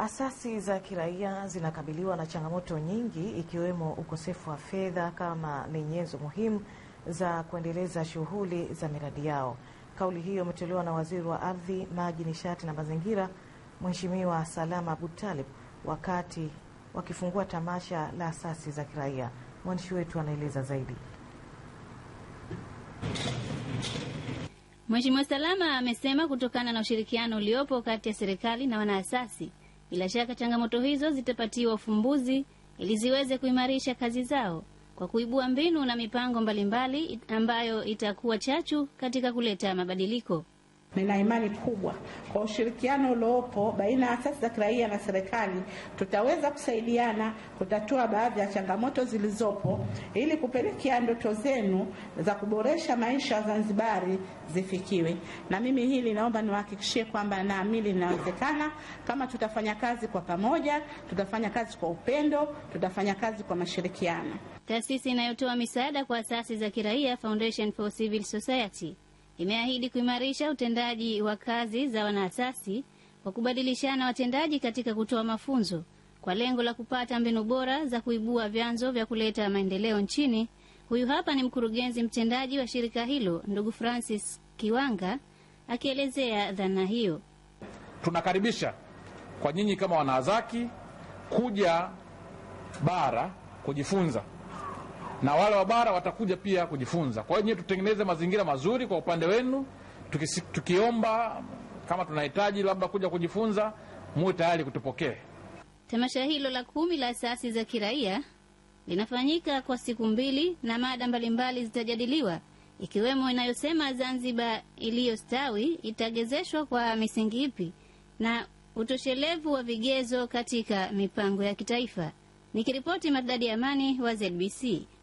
Asasi za kiraia zinakabiliwa na changamoto nyingi ikiwemo ukosefu wa fedha kama ni nyenzo muhimu za kuendeleza shughuli za miradi yao. Kauli hiyo imetolewa na Waziri wa Ardhi, Maji, Nishati na Mazingira, Mheshimiwa Salama abutalib wakati wakifungua tamasha la asasi za kiraia. Mwandishi wetu anaeleza zaidi. Mheshimiwa Salama amesema kutokana na ushirikiano uliopo kati ya serikali na wanaasasi bila shaka changamoto hizo zitapatiwa ufumbuzi ili ziweze kuimarisha kazi zao kwa kuibua mbinu na mipango mbalimbali mbali ambayo itakuwa chachu katika kuleta mabadiliko. Nina imani kubwa kwa ushirikiano uliopo baina ya asasi za kiraia na serikali, tutaweza kusaidiana kutatua baadhi ya changamoto zilizopo ili kupelekea ndoto zenu za kuboresha maisha ya Zanzibari zifikiwe. Na mimi hili naomba niwahakikishie kwamba naamini linawezekana, kama tutafanya kazi kwa pamoja, tutafanya kazi kwa upendo, tutafanya kazi kwa mashirikiano. Taasisi inayotoa misaada kwa asasi za kiraia Foundation for Civil Society imeahidi kuimarisha utendaji wa kazi za wanaasasi kwa kubadilishana watendaji katika kutoa mafunzo kwa lengo la kupata mbinu bora za kuibua vyanzo vya kuleta maendeleo nchini. Huyu hapa ni mkurugenzi mtendaji wa shirika hilo ndugu Francis Kiwanga akielezea dhana hiyo. Tunakaribisha kwa nyinyi kama wanawazaki kuja bara kujifunza na wale wa bara watakuja pia kujifunza. Kwa hiyo nyie tutengeneze mazingira mazuri kwa upande wenu, tukisi, tukiomba kama tunahitaji labda kuja kujifunza, muwe tayari kutupokee. Tamasha hilo la kumi la asasi za kiraia linafanyika kwa siku mbili na mada mbalimbali zitajadiliwa ikiwemo inayosema Zanzibar iliyostawi itagezeshwa kwa misingi ipi na utoshelevu wa vigezo katika mipango ya kitaifa. Nikiripoti Maridadi Amani wa ZBC.